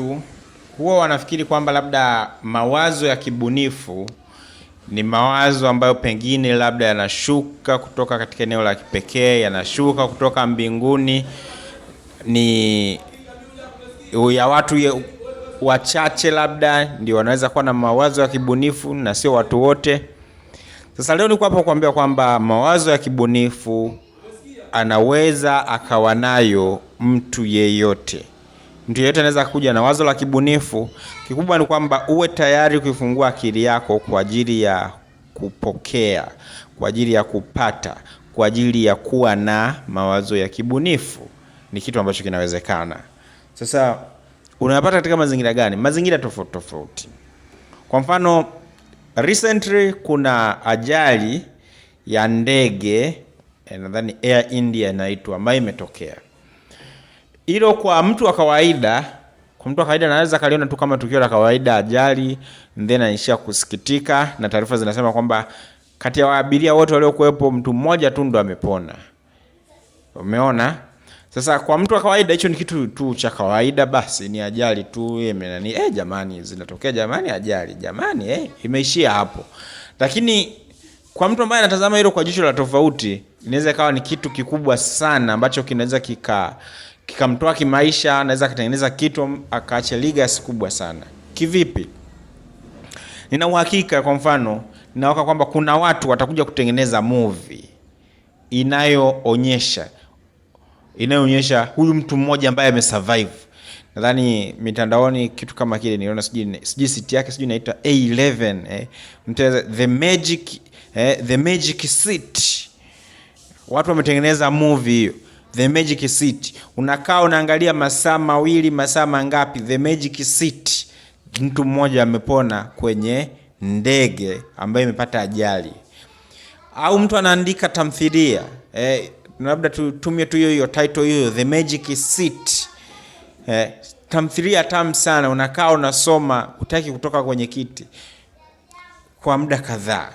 watu huwa wanafikiri kwamba labda mawazo ya kibunifu ni mawazo ambayo pengine labda yanashuka kutoka katika eneo la kipekee, yanashuka kutoka mbinguni, ni ya watu wachache labda ndio wanaweza kuwa na mawazo ya kibunifu na sio watu wote. Sasa leo niko hapa kuambia kwamba mawazo ya kibunifu anaweza akawa nayo mtu yeyote. Mtu yeyote anaweza kuja na wazo la kibunifu. Kikubwa ni kwamba uwe tayari kuifungua akili yako kwa ajili ya kupokea, kwa ajili ya kupata, kwa ajili ya kuwa na mawazo ya kibunifu. Ni kitu ambacho kinawezekana. Sasa unayapata katika mazingira gani? Mazingira tofauti tofauti. Kwa mfano, recently kuna ajali ya ndege eh, nadhani Air India inaitwa ambayo imetokea hilo kwa mtu wa kawaida, kwa mtu wa kawaida anaweza kaliona tu kama tukio la kawaida, ajali, then anaishia kusikitika, na taarifa zinasema kwamba kati ya waabiria wote waliokuwepo mtu mmoja tu ndo amepona. Umeona? Sasa kwa mtu wa kawaida hicho ni kitu tu cha kawaida, basi ni ajali tu nani. Eh, jamani zinatokea jamani, ajali jamani, eh, imeishia hapo. Lakini kwa mtu ambaye anatazama hilo kwa jicho la tofauti, inaweza ikawa ni kitu kikubwa sana ambacho kinaweza kika kikamtoa kimaisha, anaweza akatengeneza kitu akaacha legacy kubwa sana. Kivipi? Nina uhakika kwa mfano ninaoka kwamba kuna watu watakuja kutengeneza movie inayoonyesha inayoonyesha huyu mtu mmoja ambaye amesurvive. Nadhani mitandaoni kitu kama kile niliona, sijui sijui siti yake sijui inaitwa A11 eh, mteza, the magic eh, the magic seat. Watu wametengeneza movie hiyo The Magic City. Unakaa unaangalia masaa mawili, masaa mangapi? The Magic City. Mtu mmoja amepona kwenye ndege ambayo imepata ajali, au mtu anaandika tamthilia eh, labda tutumie tu hiyo hiyo title hiyo The Magic City eh, tamthilia tamu sana. Unakaa unasoma, utaki kutoka kwenye kiti kwa muda kadhaa.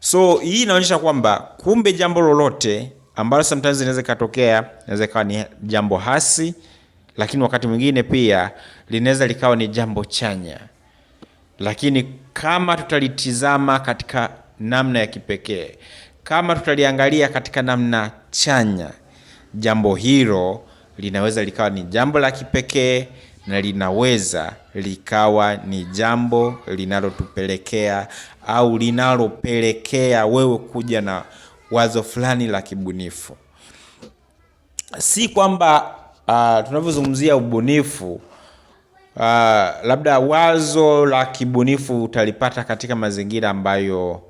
So hii inaonyesha kwamba kumbe jambo lolote ambalo sometimes inaweza ikatokea, inaweza ikawa ni jambo hasi, lakini wakati mwingine pia linaweza likawa ni jambo chanya, lakini kama tutalitizama katika namna ya kipekee, kama tutaliangalia katika namna chanya, jambo hilo linaweza likawa ni jambo la kipekee na linaweza likawa ni jambo linalotupelekea au linalopelekea wewe kuja na wazo fulani la kibunifu. Si kwamba uh, tunavyozungumzia ubunifu uh, labda wazo la kibunifu utalipata katika mazingira ambayo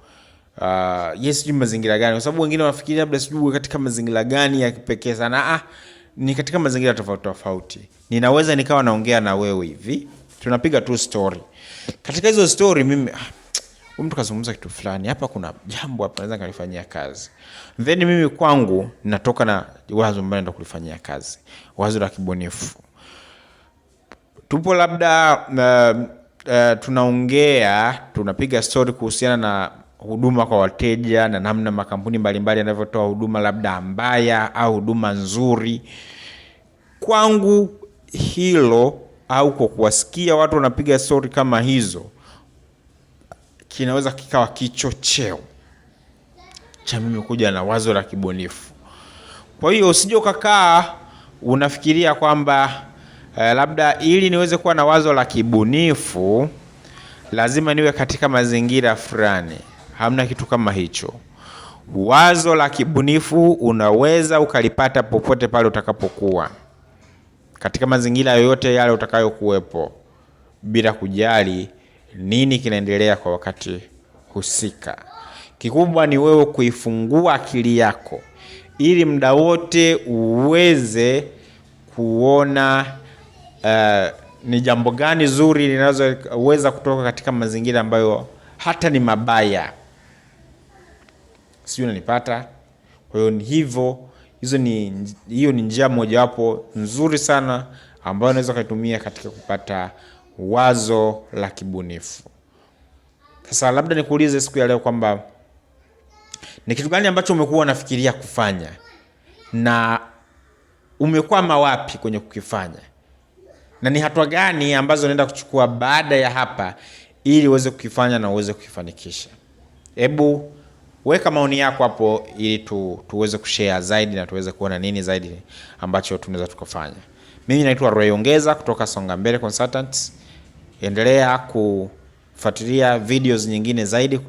Uh, ah, yes, sijui mazingira gani, kwa sababu wengine wanafikiria labda sijui katika mazingira gani ya kipekee sana. Ah, ni katika mazingira tofauti tofauti. Ninaweza nikawa naongea na wewe hivi, tunapiga tu story. Katika hizo story mimi mtu kazungumza kitu fulani hapa, kuna jambo hapa naweza nikalifanyia kazi, then mimi kwangu natoka na wazo ambalo naenda kulifanyia kazi, wazo la kibunifu. Tupo labda uh, uh, tunaongea tunapiga stori kuhusiana na huduma kwa wateja na namna makampuni mbalimbali yanavyotoa huduma labda mbaya au huduma nzuri. Kwangu hilo au kwa kuwasikia watu wanapiga stori kama hizo kinaweza kikawa kichocheo cha mimi kuja na wazo la kibunifu. Kwa hiyo usije ukakaa unafikiria kwamba eh, labda ili niweze kuwa na wazo la kibunifu lazima niwe katika mazingira fulani. Hamna kitu kama hicho. Wazo la kibunifu unaweza ukalipata popote pale utakapokuwa, katika mazingira yoyote yale utakayokuwepo, bila kujali nini kinaendelea kwa wakati husika. Kikubwa ni wewe kuifungua akili yako ili muda wote uweze kuona uh, ni jambo gani zuri linazoweza kutoka katika mazingira ambayo hata ni mabaya. Sijui unanipata? Kwa hiyo hivyo, hizo ni hiyo ni njia mojawapo nzuri sana ambayo unaweza ukaitumia katika kupata wazo la kibunifu. Sasa labda nikuulize siku ya leo kwamba ni kitu gani ambacho umekuwa unafikiria kufanya na umekwama wapi kwenye kukifanya, na ni hatua gani ambazo unaenda kuchukua baada ya hapa ili uweze kukifanya na uweze kukifanikisha. Hebu weka maoni yako hapo ili tu, tuweze kushare zaidi na tuweze kuona nini zaidi ambacho tunaweza tukafanya. Mimi naitwa Roy Ongeza kutoka Songa Mbele Consultants. Endelea kufuatilia videos nyingine zaidi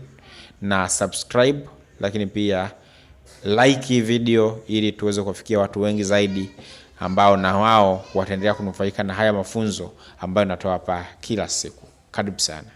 na subscribe, lakini pia like video ili tuweze kuwafikia watu wengi zaidi ambao na wao wataendelea kunufaika na haya mafunzo ambayo natoa hapa kila siku. Karibu sana.